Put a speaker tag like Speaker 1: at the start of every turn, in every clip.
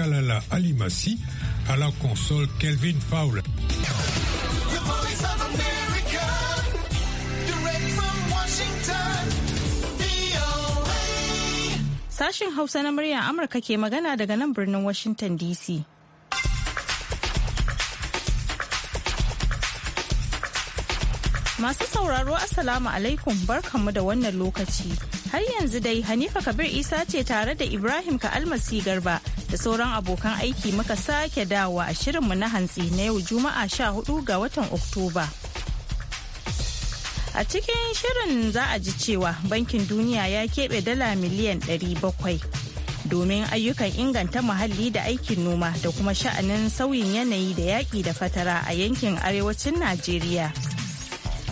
Speaker 1: Kalala Alimasi, à la console Kelvin Fowler.
Speaker 2: Sashen Hausa na murya Amurka ke magana daga nan birnin Washington DC. Masu sauraro Assalamu alaikum barkanmu da wannan lokaci. Har yanzu dai Hanifa Kabir Isa ce tare da Ibrahim ka almasi Garba da sauran abokan aiki muka sake dawa a shirinmu na hantsi na yau Juma'a 14 ga watan Oktoba. A cikin shirin za a ji cewa Bankin Duniya ya keɓe dala miliyan 700 domin ayyukan inganta muhalli da aikin noma da kuma sha'anin sauyin yanayi da yaƙi da fatara a yankin arewacin Najeriya.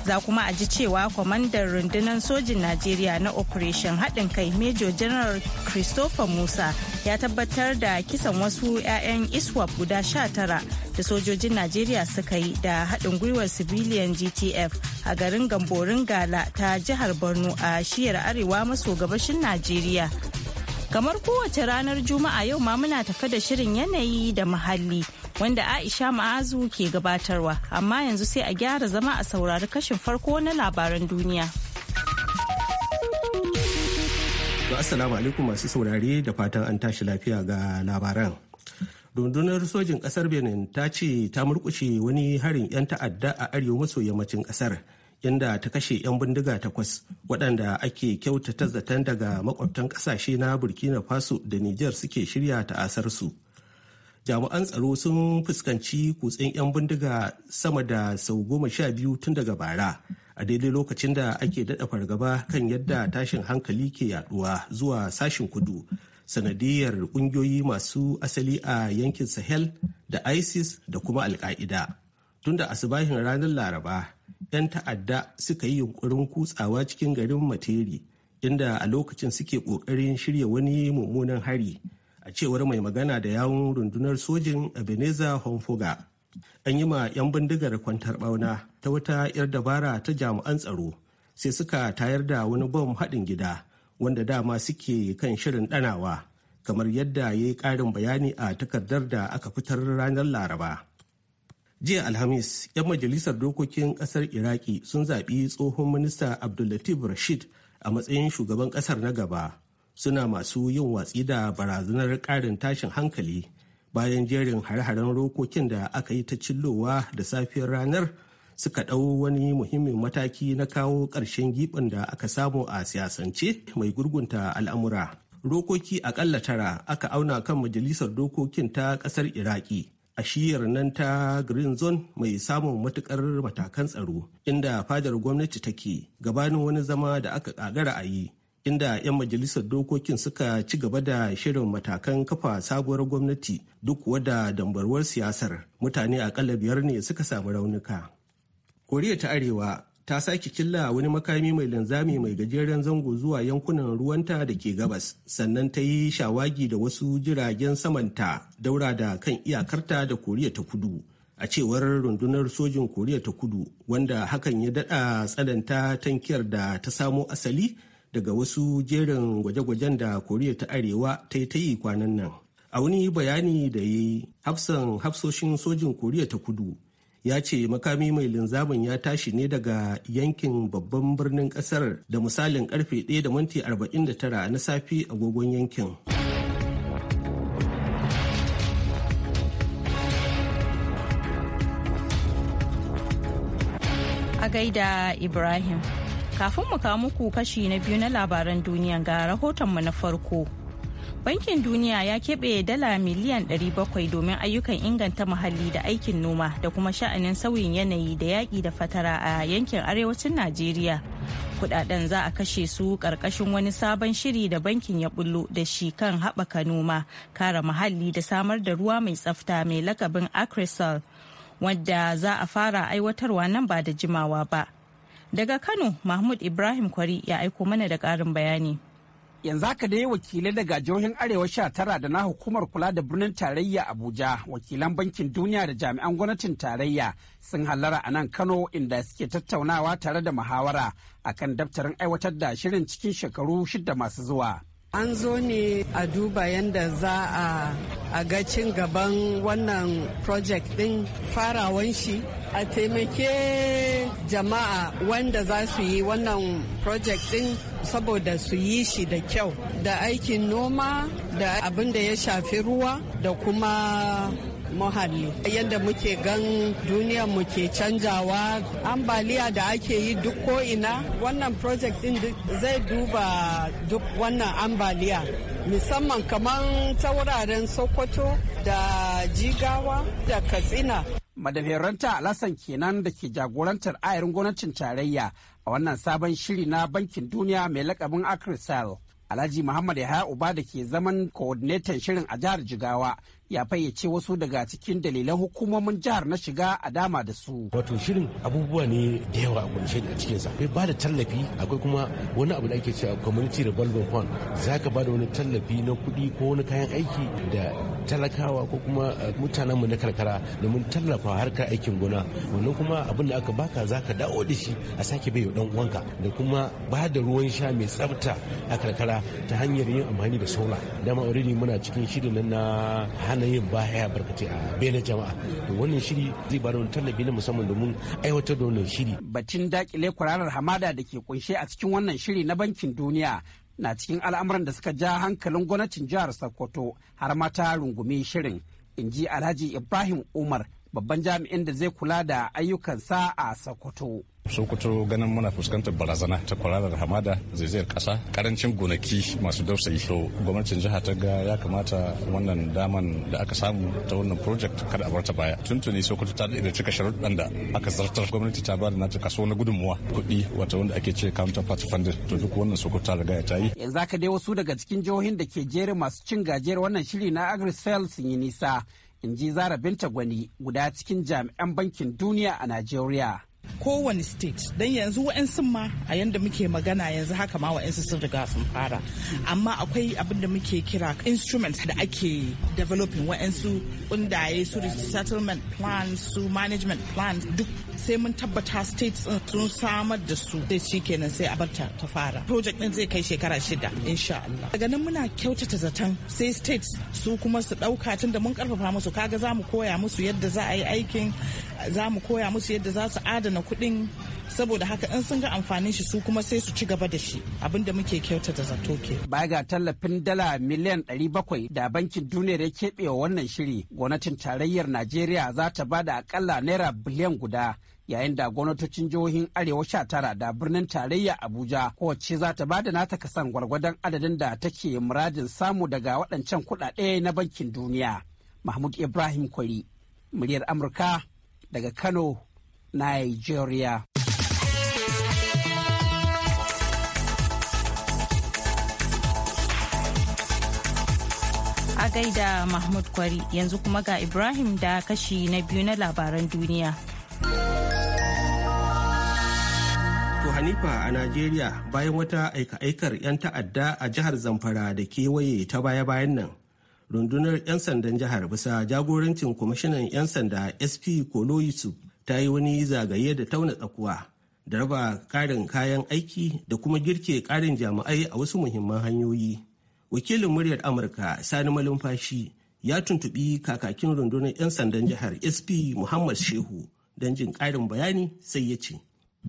Speaker 2: za kuma a ji cewa kwamandan rundunar sojin najeriya na operation haɗin kai major general christopher musa ya tabbatar da kisan wasu 'ya'yan iswap guda 19 da sojojin najeriya suka yi da haɗin gwiwar civilian gtf a garin gamborin gala ta jihar borno a shiyar arewa maso gabashin najeriya kamar kowace ranar juma'a yau ma muna tafe da shirin yanayi da muhalli wanda Aisha Ma'azu ke gabatarwa, amma yanzu sai a gyara zama a saurari kashin farko na labaran duniya.
Speaker 1: Assalamu alaikum masu saurare da fatan an tashi lafiya ga labaran. rundunar sojin kasar benin ta ce ta murkushe wani harin 'yan ta'adda a arewa maso yammacin kasar inda ta kashe 'yan bindiga takwas waɗanda ake kyautata zaton daga makwabtan ƙasashe na burkina faso da niger suke shirya ta'asarsu jami'an tsaro sun fuskanci kutsen 'yan bindiga sama da sau goma sha biyu tun daga bara a daidai lokacin da ake daɗa fargaba kan yadda tashin hankali ke yaduwa zuwa sashin kudu sanadiyar ƙungiyoyi masu asali a yankin sahel da isis da kuma alka'ida tun da asibahin ranar laraba 'yan ta'adda suka yi yunkurin kutsawa cikin garin materi inda a lokacin suke ƙoƙarin shirya wani mummunan hari a cewar mai magana da yawun rundunar sojin ebenezer honfoga an yi ma 'yan bindigar kwantar bauna ta wata 'yar dabara ta jami'an tsaro sai suka tayar da wani bom haɗin gida wanda dama suke kan shirin ɗanawa kamar yadda ya yi ƙarin bayani a takardar da aka fitar ranar laraba jiya alhamis 'yan majalisar dokokin ƙasar iraki sun zaɓi tsohon minista abdullatif rashid a matsayin shugaban ƙasar na gaba suna masu yin watsi da barazanar ƙarin tashin hankali bayan jerin hare-haren rokokin da aka yi ta cillowa da safiyar ranar suka ɗau wani muhimmin mataki na kawo ƙarshen gibin da aka samu a siyasance mai gurgunta al'amura. Rokoki aƙalla tara aka auna kan majalisar dokokin ta ƙasar Iraki a shiyar nan ta Green Zone mai samun matuƙar matakan tsaro inda fadar gwamnati take gabanin wani zama da aka ƙagara a yi inda 'yan majalisar dokokin suka ci gaba da shirin matakan kafa sabuwar gwamnati duk wada dambarwar siyasar mutane akalla biyar ne suka samu raunuka koriya ta arewa ta sake killa wani makami mai linzami mai gajeren zango zuwa yankunan ruwanta da ke gabas sannan ta yi shawagi da wasu jiragen samanta daura da kan iyakarta da koriya ta kudu a cewar rundunar sojin koriya ta kudu wanda hakan ya dada tsananta tankiyar da ta samo asali daga wasu jerin gwaje-gwajen da koriya ta arewa ta yi ta yi kwanan nan a wani bayani da ya yi hafsan hafsoshin sojin koriya ta kudu ya ce makami mai linzamin ya tashi ne daga yankin babban birnin kasar da misalin karfe 1 da minti 49 na safe agogon yankin
Speaker 2: a gaida ibrahim Kafin mu kawo muku kashi na biyu na labaran duniya ga rahoton mu na farko. Bankin Duniya ya keɓe dala miliyan 700 domin ayyukan inganta muhalli da aikin noma da kuma sha'anin sauyin yanayi da yaƙi da fatara a yankin arewacin Najeriya. Kudaden za a kashe su ƙarƙashin wani sabon shiri da bankin ya bullo da shi kan haɓaka noma, kare muhalli da samar da ruwa mai tsafta mai lakabin Acrisol, wadda za a fara aiwatarwa nan ba da jimawa ba. Daga Kano, Mahmud Ibrahim Kwari ya aiko mana da ƙarin
Speaker 3: bayani. yanzu haka dai wakilai daga jihohin arewa sha tara da na hukumar kula da birnin tarayya abuja wakilan bankin duniya da jami'an gwamnatin tarayya sun hallara a nan kano inda suke tattaunawa tare da muhawara akan daftarin aiwatar da shirin cikin shekaru shida masu zuwa An zo ne a duba yadda za a a ga cin gaban wannan project din farawan shi a taimake jama'a wanda za su yi wannan project din saboda su yi shi da kyau da aikin noma da abin da ya shafi ruwa da kuma muhalli yadda muke gan duniyar mu ke canjawa ambaliya da ake yi duk ko ina wannan project din zai duba duk wannan ambaliya musamman kamar ta wuraren sokoto da jigawa da katsina madafiyaranta alasan kenan da ke jagorantar ayarin gwamnatin tarayya a wannan sabon shiri na bankin duniya mai lakabin acrisel alhaji muhammad yahaya uba da ke zaman coordinator shirin a jihar jigawa ya fayyace wasu daga cikin dalilan hukumomin jihar na shiga a dama da su. Wato shirin
Speaker 1: abubuwa ne da yawa a kunshe a cikinsa. sa. ba da tallafi akwai kuma wani abu da ake cewa community revolving fund za ka ba da wani tallafi na kuɗi ko wani kayan aiki da talakawa ko kuma eh, mutanenmu na karkara domin tallafa harkar aikin gona wannan kuma abin da aka baka zaka ka dawo da shi a sake bai dan uwanka da kuma ba da ruwan sha mai tsafta a karkara ta hanyar yin amfani da sola dama already muna cikin shirin na
Speaker 3: ana yin baya barkace a bene jama'a to wannan shiri zai bada wani tallafi na musamman domin aiwatar da wannan shiri batun dakile kwararar hamada da ke kunshe a cikin wannan shiri na bankin duniya na cikin al'amuran da suka ja hankalin gwamnatin jihar sokoto har ma ta rungume shirin in ji alhaji ibrahim umar babban jami'in da zai kula da ayyukansa a Sokoto.
Speaker 4: sokoto ganin muna fuskantar barazana ta kwararar hamada zaizayar kasa karancin gonaki masu dausayi to gwamnatin jiha ta ga ya kamata wannan daman da aka samu ta wannan project kada a barta baya tuntuni sokoto ta da cika sharuɗan da aka zartar gwamnati ta bada nata kaso na gudunmuwa kuɗi wata wanda ake ce party funding to duk wannan sokoto ta riga ta yi
Speaker 3: yanzu haka dai wasu daga cikin jihohin da ke jerin masu cin gajiyar wannan shiri na agri sun yi nisa in ji zara binta gwani guda cikin jami'an bankin duniya a najeriya kowane state don yanzu wa'yansu ma a yadda muke magana yanzu haka ma wa'yansu sun riga
Speaker 2: sun fara amma akwai abinda muke kira instruments da ake developing wa'yansu kundaye su resettlement plans su management plans duk sai mun tabbata states sun samar da su sai shi kenan sai a barta ta fara project din zai kai shekara shida insha Allah daga nan muna kyautata zaton sai states su kuma su dauka tun da mun karfafa musu kaga za mu koya musu yadda za a yi aikin za mu koya musu yadda za su
Speaker 3: adana kuɗin saboda haka in sun ga amfanin shi su kuma sai su ci gaba da shi abinda muke kyautata zato ke. Baya ga tallafin dala miliyan 700 da bankin duniyar ya keɓe wa wannan shiri gwamnatin tarayyar Najeriya za ta ba akalla naira biliyan guda yayin da gwamnatocin jihohin arewa sha tara da birnin tarayya abuja kowace za ta bada nata kasan gwargwadon adadin da take muradin samu daga waɗancan kuɗaɗe na bankin duniya mahmud ibrahim kwari muryar amurka daga kano nigeria
Speaker 2: a gaida mahmud kwari yanzu kuma ga ibrahim da kashi na biyu na labaran duniya
Speaker 1: Hanifa a Najeriya bayan wata aika-aikar 'yan ta'adda a jihar Zamfara da kewaye ta baya-bayan nan. Rundunar 'yan sandan jihar bisa jagorancin kwamishinan 'yan sanda SP Kolo Yusuf ta yi wani zagaye da tauna tsakuwa da raba ƙarin kayan aiki da kuma girke ƙarin jami'ai a wasu muhimman hanyoyi. Wakilin muryar Amurka Sani Malumfashi ya tuntuɓi kakakin rundunar 'yan sandan jihar SP Muhammad Shehu don jin ƙarin bayani sai ya ce.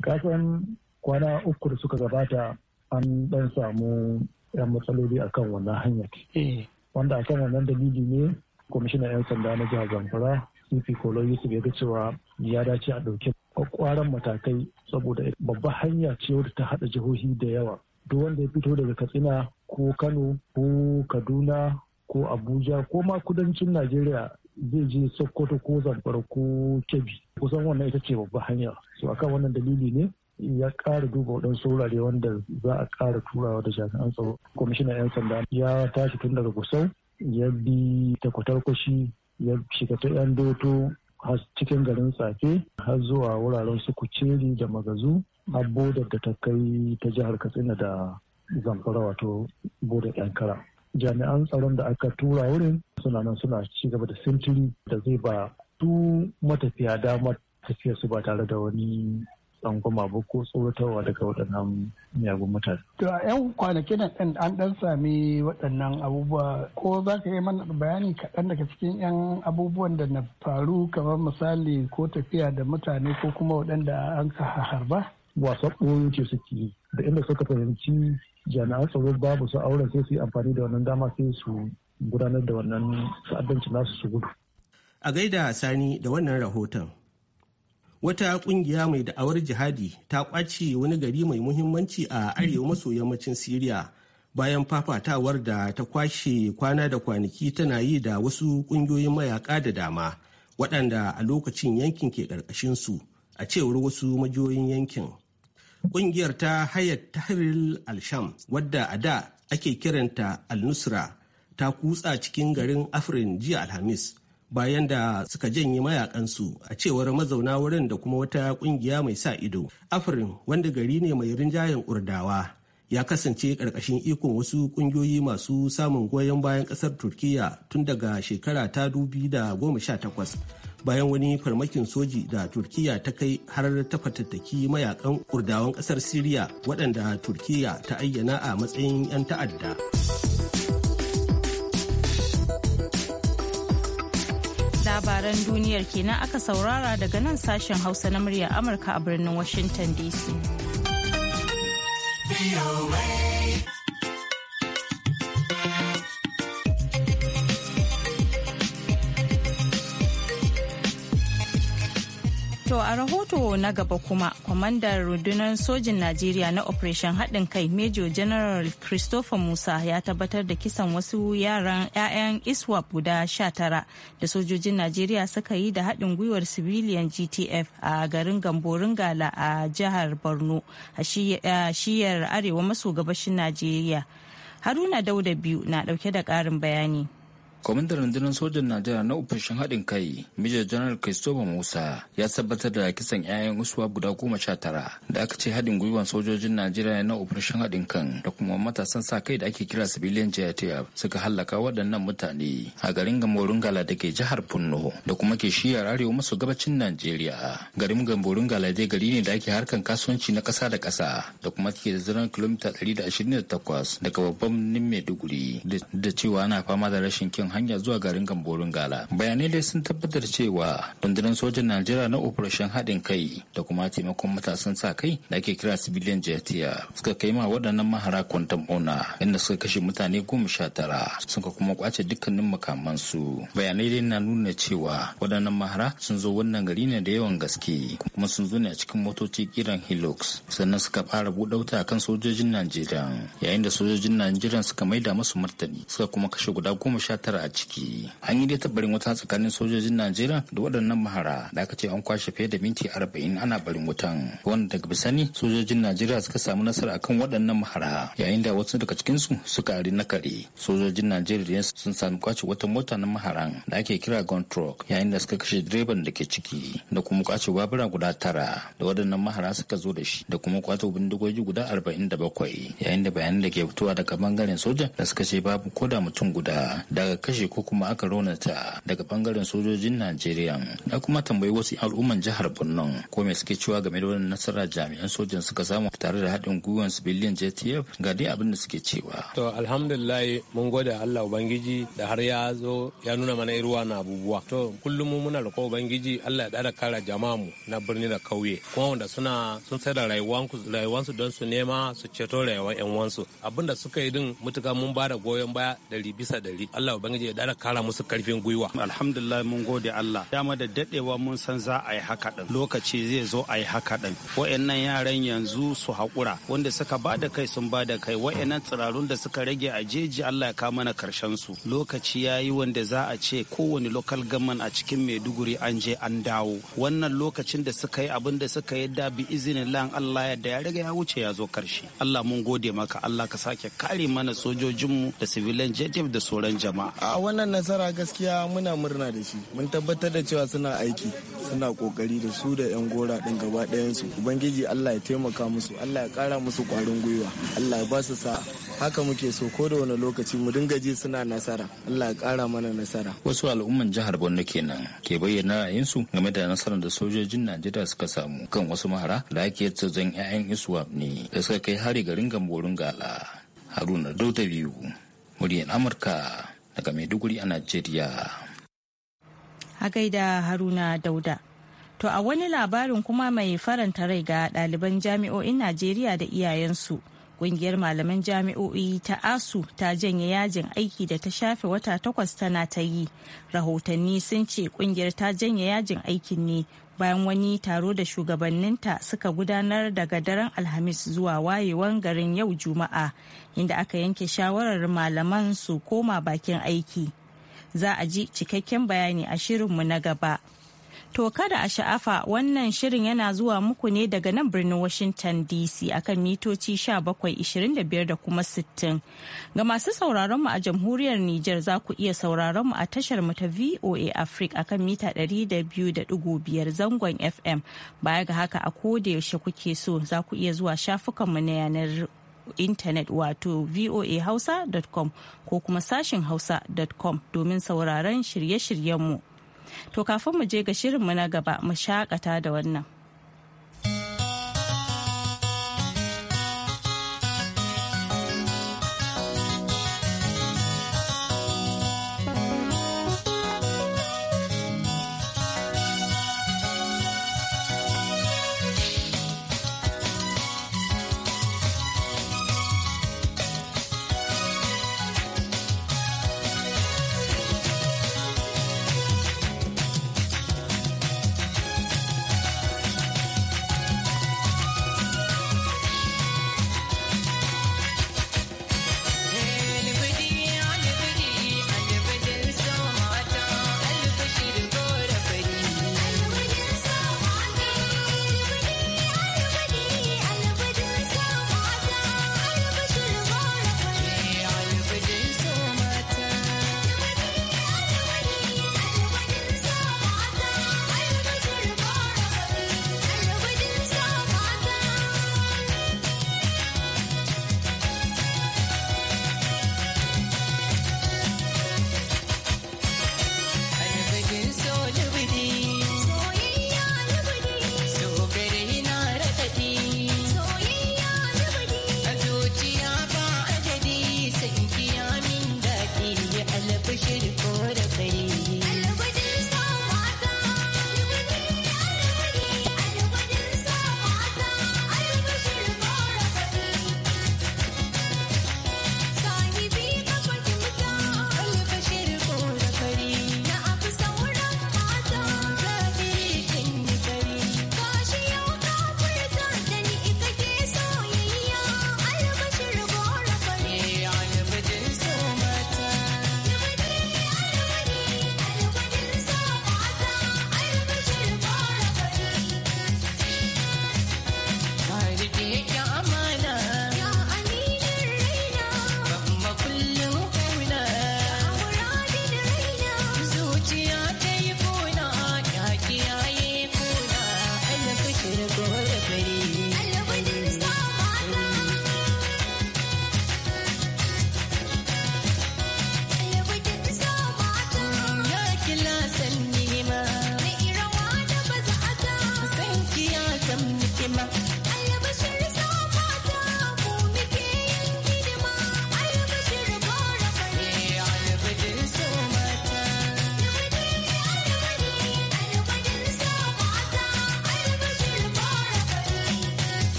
Speaker 5: kasan kwana uku da suka gabata an dan samu yan matsaloli kan wannan hanyar eh. wanda a kan wannan dalili ne kwamishinan 'yan sanda na jihar zamfara cp kolo yusuf ya ga cewa ya dace a ɗauki kwakwaran matakai saboda babbar hanya ce wadda ta haɗa jihohi da yawa duk wanda ya fito daga katsina ko kano ko kaduna ko abuja ko ma kudancin najeriya zai je sokoto ko zamfara ko kebbi kusan wannan ita ce babba hanya so akan wannan dalili ne ya ƙara duba waɗansu wurare wanda za a ƙara turawa da jami'an tsaro kwamishinan 'yan sanda ya tashi tun daga gusau ya bi takwatar kwashi ya shiga ta 'yan doto har cikin garin tsafe har zuwa wuraren su kuceri da magazu har bodar da ta kai ta jihar katsina da zamfara wato bodar yankara jami'an tsaron da aka tura wurin suna nan suna ci gaba da sintiri da zai ba su matafiya damar tafiya su ba tare da wani tsangwama ba ko tsoratarwa daga waɗannan miyagun mutane. To a 'yan kwanakin nan an ɗan sami waɗannan abubuwa ko za ka yi mana bayani kaɗan daga cikin 'yan abubuwan da na faru kamar misali ko tafiya da mutane ko kuma waɗanda an ka harba? wasa ɓoyo ce suke da inda suka fahimci jami'an tsaro babu su auren sai su yi amfani da wannan dama sai su gudanar da wannan sa'adancin nasu su gudu.
Speaker 1: A gaida Sani da wannan rahoton. wata kungiya mai da'awar jihadi ta kwace wani gari mai muhimmanci a arewa maso yammacin siriya bayan fafatawar da ta kwashe kwana da kwanaki tana yi da wasu kungiyoyin mayaka da dama waɗanda a lokacin yankin ke ƙarƙashinsu a cewar wasu majiyoyin yankin ƙungiyar ta hayat tahrir al-sham wadda a da ake kiranta al-nusra ta kutsa cikin garin afrin jiya alhamis bayan da suka janye mayakansu a cewar mazauna wurin da kuma wata kungiya mai sa ido afirin wanda gari ne mai rinjayen urdawa ya kasance karkashin ikon wasu kungiyoyi masu samun goyon bayan kasar turkiya tun daga shekara ta takwas bayan wani farmakin soji da turkiya ta kai har ta fatattaki mayakan kurdawan kasar siriya waɗanda turkiya ta ayyana a matsayin 'yan ta'adda
Speaker 2: labaran duniyar kenan aka saurara daga nan sashen hausa na murya amurka a birnin washington dc. To a rahoto na gaba kuma, kwamandan rundunar sojin Najeriya na Operation haɗin kai Major General Christopher Musa ya tabbatar da kisan wasu yaran 'ya'yan ISWAP guda 19 da sojojin Najeriya suka yi da haɗin gwiwar civilian GTF a garin Gamborin Gala a jihar Borno a shiyar arewa maso gabashin Najeriya. Haruna Dauda biyu na ɗauke da ƙarin bayani.
Speaker 6: Kwamandar rundunar sojan najeriya na ofishin haɗin kai major general christopher musa ya tabbatar da kisan 'ya'yan usuwa guda goma sha tara da aka ce haɗin gwiwan sojojin najeriya na ofishin haɗin kan da kuma matasan sa kai da ake kira civilian jtf suka hallaka waɗannan mutane a garin gamborungala da ke jihar borno da kuma ke shiyar arewa maso gabacin najeriya garin gamborungala dai gari ne da ake harkan kasuwanci na ƙasa da ƙasa da kuma ke da ziran kilomita 128 daga babban Nimeduguri da cewa ana fama da rashin kin hanya zuwa garin gamborin gala bayanai dai sun tabbatar cewa rundunar sojan najeriya na operation haɗin kai da kuma taimakon matasan sa kai da ake kira civilian jetiya suka kai ma waɗannan mahara kwantan ona inda suka kashe mutane goma sha tara suka kuma kwace dukkanin su. bayanai dai na nuna cewa waɗannan mahara sun zo wannan gari ne da yawan gaske kuma sun zo ne a cikin motoci kiran hilux sannan suka fara buɗe wuta kan sojojin najeriya yayin da sojojin najeriya suka maida masu martani suka kuma kashe guda goma sha tara a ciki an yi dai tabarin wuta tsakanin sojojin najeriya da waɗannan mahara da aka ce an kwashe fiye da minti arba'in ana barin wutan wanda daga bisani sojojin najeriya suka samu nasara akan waɗannan mahara yayin da wasu daga cikinsu suka ari na kare sojojin najeriya sun sami kwace wata mota na maharan da ake kira gun truck yayin da suka kashe direban da ke ciki da kuma kwace babura guda tara da waɗannan mahara suka zo da shi da kuma kwato bindigogi guda arba'in da bakwai yayin da bayanan da ke fitowa daga bangaren soja da suka ce babu koda mutum guda daga kashe kashe ko kuma aka raunata daga bangaren sojojin Najeriya. Na kuma tambayi wasu al'umman jihar Borno ko me suke cewa game da wannan nasara jami'an sojan suka samu tare da haɗin gwiwan civilian JTF ga dai abin da suke cewa.
Speaker 1: To alhamdulillah mun gode Allah Ubangiji da har ya zo ya nuna mana irwa na abubuwa. To kullum muna roƙo Ubangiji Allah ya dara kara jama'a mu na birni da kauye kuma wanda suna sun sai da rayuwansu don su nema su ceto rayuwar 'yan wansu abinda suka yi din mutuka mun ba da goyon baya ɗari bisa ɗari Allah Ubangiji ubangiji da dara kara musu karfin gwiwa alhamdulillah mun gode Allah dama da dadewa mun san za a yi haka din lokaci zai zo a yi haka din wayannan yaran yanzu su hakura wanda suka ba da kai sun ba da kai waɗannan tsirarun da suka rage a jeji Allah ya kama mana karshen su lokaci yayi wanda za a ce kowane local government a cikin Maiduguri an je an dawo wannan lokacin da suka yi abin da suka yi da bi izinin Allah ya da ya riga ya wuce ya zo karshe Allah mun gode maka Allah ka sake kare mana sojojinmu da civilian jejef da sauran jama'a a wannan nasara gaskiya muna murna da shi mun tabbatar da cewa suna aiki suna kokari da su da yan gora din gaba ɗayansu ubangiji allah ya taimaka musu allah ya kara musu kwarin gwiwa allah ya ba su sa'a haka muke so ko da wani lokaci mu dinga ji suna nasara allah ya kara mana nasara
Speaker 6: wasu al'umman jihar borno kenan ke bayyana su game da nasarar da sojojin najeriya suka samu kan wasu mahara da ake zan 'ya'yan isuwa ne da suka kai hari garin gamborin gala haruna dauta biyu muryar amurka daga Maiduguri a Najeriya.
Speaker 2: A gaida Haruna Dauda. To a wani labarin kuma mai faranta rai ga ɗaliban jami'o'in Najeriya da iyayensu Kungiyar malaman jami'o'i ta ASU ta janye yajin aiki da ta shafe wata takwas tana ta yi. Rahotanni sun ce kungiyar ta janye yajin aikin ne bayan wani taro da shugabanninta suka gudanar daga daren Alhamis zuwa wayewan garin yau Juma'a, inda aka yanke shawarar malaman su koma bakin aiki. Za a ji cikakken bayani a shirinmu na gaba. To kada a sha'afa wannan shirin yana zuwa muku ne daga nan birnin Washington DC akan mitoci 1725 da kuma 60. Ga masu sauraron mu a jamhuriyar Nijar za ku iya sauraron mu a tashar mu ta VOA Africa akan mita 200.5 zangon FM. Baya ga haka a koda yaushe kuke so za ku iya zuwa shafukan mu na yanar intanet wato voahausa.com ko kuma sashin hausa.com domin sauraron shirye-shiryenmu. mu. To kafin mu je ga shirinmu na gaba mu shakata da wannan.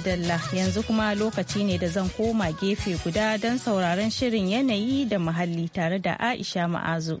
Speaker 2: Dalla yanzu kuma lokaci ne da zan koma gefe guda don sauraron shirin yanayi da muhalli tare da Aisha Ma'azu.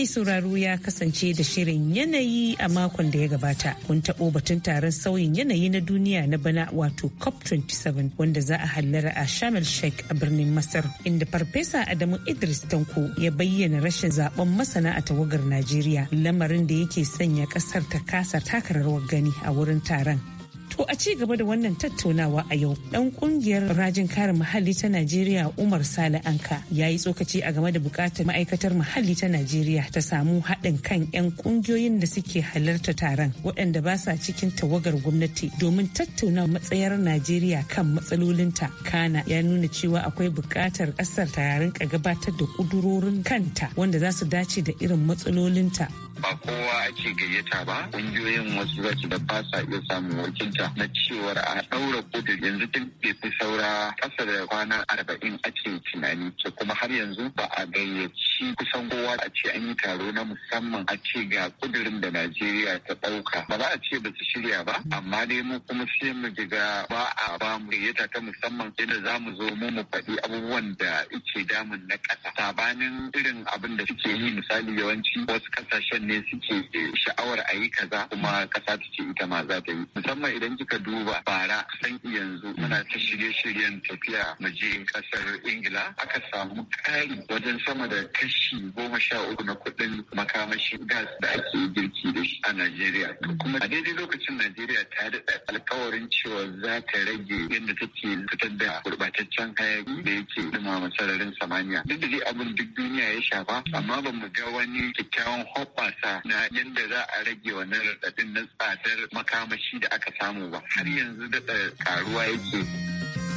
Speaker 7: mai sauraro ya kasance da shirin yanayi a makon da ya gabata. Mun taɓo batun taron sauyin yanayi na duniya na bana wato COP27 wanda za a hallara a Sharm el Sheikh a birnin Masar inda Farfesa Adamu Idris Tanko ya bayyana rashin zaben masana a tawagar Najeriya lamarin da yake sanya ƙasar ta kasa taka gani a wurin taron. To a ci gaba da wannan tattaunawa a yau, ɗan ƙungiyar rajin kare muhalli ta Najeriya Umar Sale Anka ya yi tsokaci a game da buƙatar ma'aikatar muhalli ta Najeriya ta samu haɗin kan 'yan ƙungiyoyin da suke halarta taron waɗanda ba sa cikin tawagar gwamnati domin tattauna matsayar Najeriya kan matsalolinta. Kana ya nuna cewa akwai buƙatar ƙasar ta rinka gabatar da ƙudurorin kanta wanda za su dace da irin matsalolinta. Ba
Speaker 4: kowa ake gayyata ba, ƙungiyoyin wasu za su da ba sa iya samun wakilta ta na cewar a ɗaura budul yanzu duk bai fi saura ƙasa da kwana arba'in ake tunani ce. kuma har yanzu ba a gayyaci kusan kowa a ce an yi taro na musamman a ce ga kudurin da Najeriya ta ɗauka ba za a ce ba su shirya ba amma dai mu kuma sai mu jiga ba a ba mu gayyata ta musamman yadda za mu zo mu mu faɗi abubuwan da ke damun na ƙasa sabanin irin abin da suke yi misali yawanci wasu ƙasashen ne suke sha'awar a yi kaza kuma ƙasa ta ce ita ma za ta yi musamman idan idan kika duba bara san yanzu muna ta shirye-shiryen tafiya mu kasar ingila aka samu kari wajen sama da kashi goma sha uku na kuɗin makamashi gas da ake girki da shi a najeriya kuma a daidai lokacin najeriya ta da alkawarin cewa za ta rage yadda take fitar da gurɓataccen hayaki da yake dumama sararin samaniya duk da dai abin duk duniya ya shafa amma ba mu ga wani kyakkyawan hoɓɓasa na yadda za a rage wannan raɗaɗin na tsadar makamashi da aka samu ba har yanzu daɗa
Speaker 6: ƙaruwa yake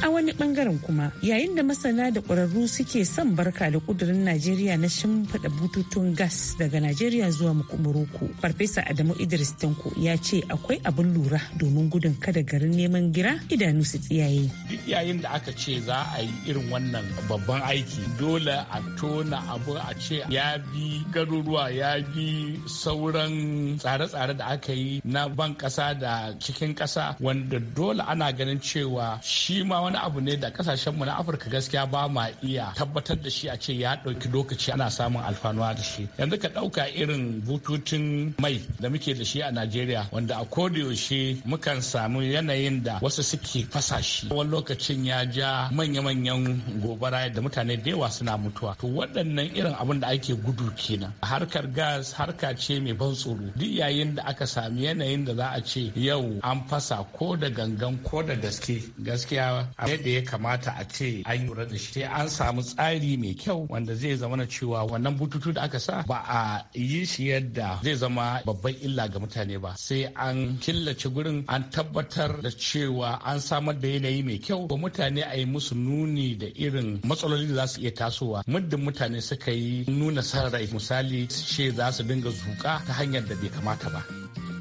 Speaker 7: a wani bangaren kuma yayin da masana da ƙwararru suke son barka da ƙudurin najeriya na shimfiɗa bututun gas daga najeriya zuwa morocco farfesa adamu idris tanko ya ce akwai abin lura domin gudun kada garin neman gira idanu su tsiyaye
Speaker 4: duk yayin da aka ce za a yi irin wannan babban aiki dole a tona abu a ce ya bi garuruwa ya bi sauran tsare-tsare da aka yi na ban ƙasa da cikin ƙasa wanda dole ana ganin cewa shi ma wani abu ne da kasashenmu na afirka gaskiya ba ma iya tabbatar da shi a ce ya ɗauki lokaci ana samun alfanuwa da shi yanzu ka ɗauka irin bututun mai da muke da shi a najeriya wanda a yaushe mukan samu yanayin da wasu suke fasa shi wani lokacin ya ja manya-manyan gobara da mutane da yawa suna mutuwa to waɗannan irin abin da ake gudu kenan harkar gas harka ce mai ban tsoro duk yayin da aka sami yanayin da za a ce yau an fasa ko da gangan ko da gaske gaskiya yadda ya kamata a ce an yi da shi an samu tsari mai kyau wanda zai zama na cewa wannan bututu da aka sa ba a yi shi yadda zai zama babban illa ga mutane ba sai an killace gurin an tabbatar da cewa an samar da yanayi mai kyau ga mutane a yi musu nuni da irin matsaloli da za su iya tasowa muddin mutane suka yi nuna rai misali ce za su dinga zuƙa ta hanyar da bai kamata ba.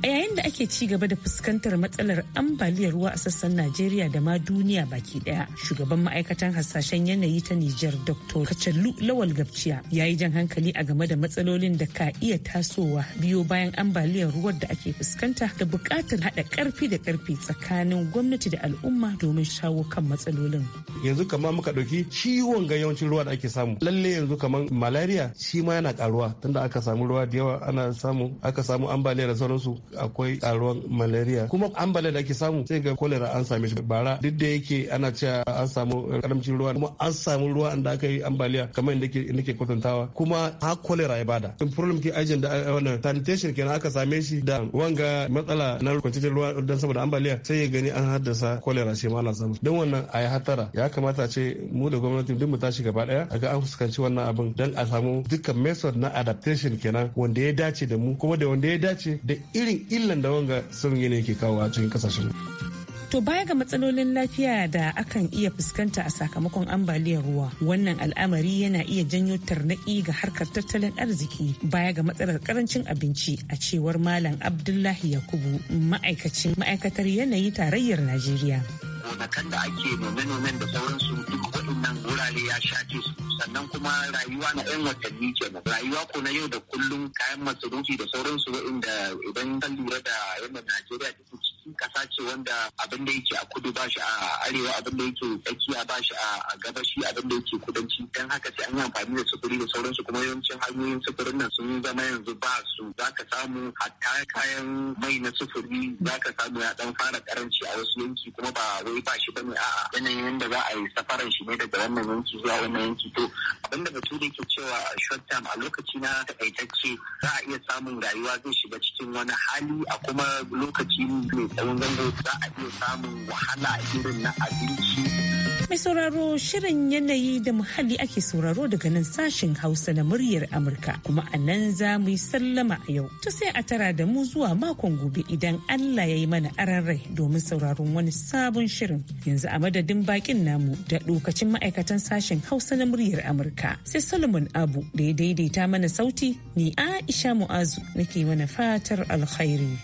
Speaker 7: a yayin da ake ci gaba da fuskantar matsalar ambaliyar ruwa a sassan najeriya da ma duniya ba. baki daya shugaban ma'aikatan hasashen yanayi ta Nijar Dr. Kacallu Lawal Gabciya ya yi jan hankali a game da matsalolin da ka iya tasowa biyo bayan ambaliyar ruwan da ake fuskanta da buƙatar haɗa ƙarfi da ƙarfi tsakanin gwamnati da al'umma domin shawo kan matsalolin.
Speaker 1: Yanzu kamar muka ɗauki ciwon ga yawancin ruwa da ake samu. Lalle yanzu kamar malaria shi ma yana ƙaruwa tunda aka samu ruwa da yawa ana samu aka samu ambaliyar da sauransu akwai ƙaruwan malaria. Kuma ambaliyar da ake samu sai ga kolera an same shi bara duk da yake ana cewa an samu karamcin ruwa kuma an samu ruwa da aka yi ambaliya kamar inda nake kwatantawa kuma ha kolera ya bada in problem ke aijin da eh, wannan sanitation kenan aka same shi da wanga matsala na kwanciyar ruwa don saboda ambaliya sai ya gani an haddasa kolera shi ma ana samu don wannan a yi hatara ya kamata ce mu da gwamnati duk mu tashi gaba daya a ga an fuskanci wannan abin dan a samu dukkan method na adaptation kenan wanda ya dace da mu kuma da wanda ya dace da irin illan da wanga sun ne ke kawo a cikin kasashen mu.
Speaker 7: To baya ga matsalolin lafiya da akan iya fuskanta a sakamakon ambaliyar ruwa, wannan al'amari yana iya janyo tarnaki ga harkar tattalin arziki baya ga matsalar karancin abinci a cewar Malam Abdullahi Yakubu ma'aikacin ma'aikatar yanayi tarayyar Najeriya.
Speaker 5: gonakan da ake nome-nomen da sauransu duk waɗannan wurare ya shace su sannan kuma rayuwa na 'yan watanni kenan rayuwa ko na yau da kullum kayan masarufi da sauransu waɗanda idan ka lura da yadda Najeriya ke ciki kasa ce wanda abin da yake a kudu ba shi a arewa abin da yake tsakiya ba shi a gabashi abin da yake kudanci dan haka sai an yi amfani da sufuri da sauransu kuma yawancin hanyoyin sufurin nan sun zama yanzu ba su za ka samu hatta kayan mai na sufuri za ka samu ya dan fara karanci a wasu yanki kuma ba wai ba shi bane a'a yanayin da za a yi safarar shi ne daga wannan yanki zuwa wannan yanki to abinda bature ke cewa short term a lokaci na takaitacce za a iya samun rayuwa zai shiga cikin wani hali a kuma lokaci mai tsawon zango za a iya samun wahala
Speaker 4: irin na abinci
Speaker 7: Mai sauraro shirin yanayi da muhalli ake sauraro daga nan sashen Hausa na muryar Amurka kuma a nan za mu yi sallama a yau. ta sai a tara da mu zuwa makon gobe idan Allah ya yi mana ararrai domin sauraron wani sabon shirin. Yanzu a madadin bakin namu da lokacin ma'aikatan sashen Hausa na muryar Amurka sai Solomon Abu da ya daidaita mana sauti ni Aisha Mu'azu nake mana fatar alkhairi.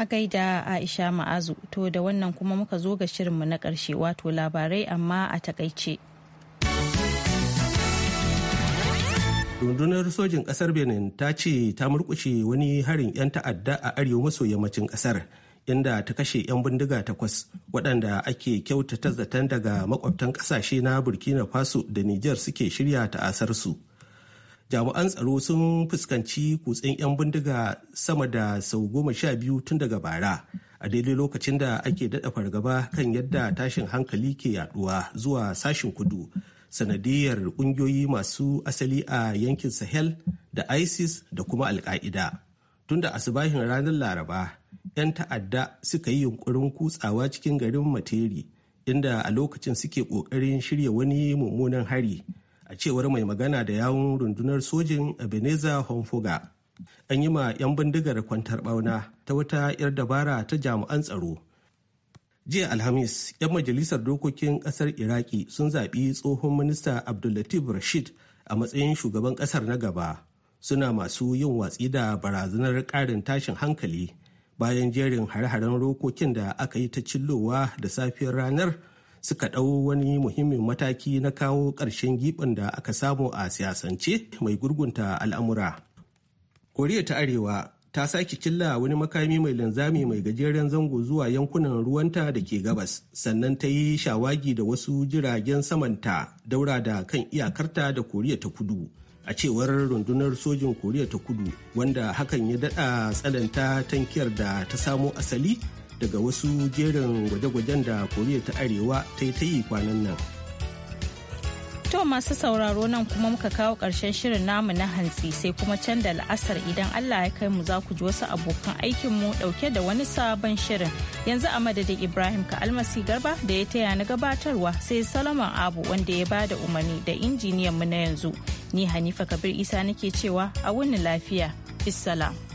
Speaker 2: A gaida Aisha Ma'azu to da wannan kuma muka zo ga shirinmu na ƙarshe wato labarai amma a takaice.
Speaker 1: rundunar sojin ƙasar benin ta ce ta murkushe wani harin 'yan ta'adda a arewa maso yammacin ƙasar inda ta kashe 'yan bindiga takwas waɗanda ake kyautata zaton daga makwabtan ƙasashe na burkina faso da niger suke shirya ta'asarsu. su jami'an tsaro sun fuskanci kutsen 'yan bindiga sama da sau goma sha biyu tun daga bara a daidai lokacin da ake daɗa fargaba kan yadda tashin hankali ke yaduwa zuwa sashin kudu sanadiyar ƙungiyoyi masu asali a yankin sahel da isis da kuma alka'ida tunda asibahin ranar laraba 'yan ta'adda suka yi yunkurin kutsawa cikin garin materi inda a lokacin suke ƙoƙarin shirya wani mummunan hari a cewar mai magana da yawun rundunar sojin ebenezer honfoga an yi ma 'yan bindigar kwantar bauna ta wata 'yar dabara ta jami'an tsaro jiya alhamis 'yan majalisar dokokin kasar iraki sun zaɓi tsohon minista abdullatif rashid a matsayin shugaban kasar na gaba suna masu yin watsi da barazanar ƙarin tashin hankali bayan jerin hare-haren rokokin da aka yi ta cillowa da safiyar ranar suka ɗau wani muhimmin mataki na kawo ƙarshen giɓin da aka samu a siyasance mai gurgunta al'amura. Koriya ta Arewa ta sake killa wani makami mai linzami mai gajeren zango zuwa yankunan ruwanta da ke gabas sannan ta yi shawagi da wasu jiragen samanta daura da kan iyakarta da koriya ta kudu a cewar rundunar sojin koriya ta kudu wanda hakan ya dada tsananta tankiyar da ta samo asali daga wasu jerin gwaje-gwajen da koriya ta arewa ta yi ta yi kwanan nan
Speaker 2: To masu sauraro nan kuma muka kawo ƙarshen shirin namu na hantsi sai kuma can da la'asar idan Allah ya kai mu za ku ji wasu abokan aikin mu ɗauke da wani sabon shirin. Yanzu a madadin Ibrahim ka almasi garba da ya taya na gabatarwa sai salaman Abu wanda ya bada umarni da injiniyan mu na yanzu. Ni Hanifa Kabir Isa nake cewa a wuni lafiya. issalam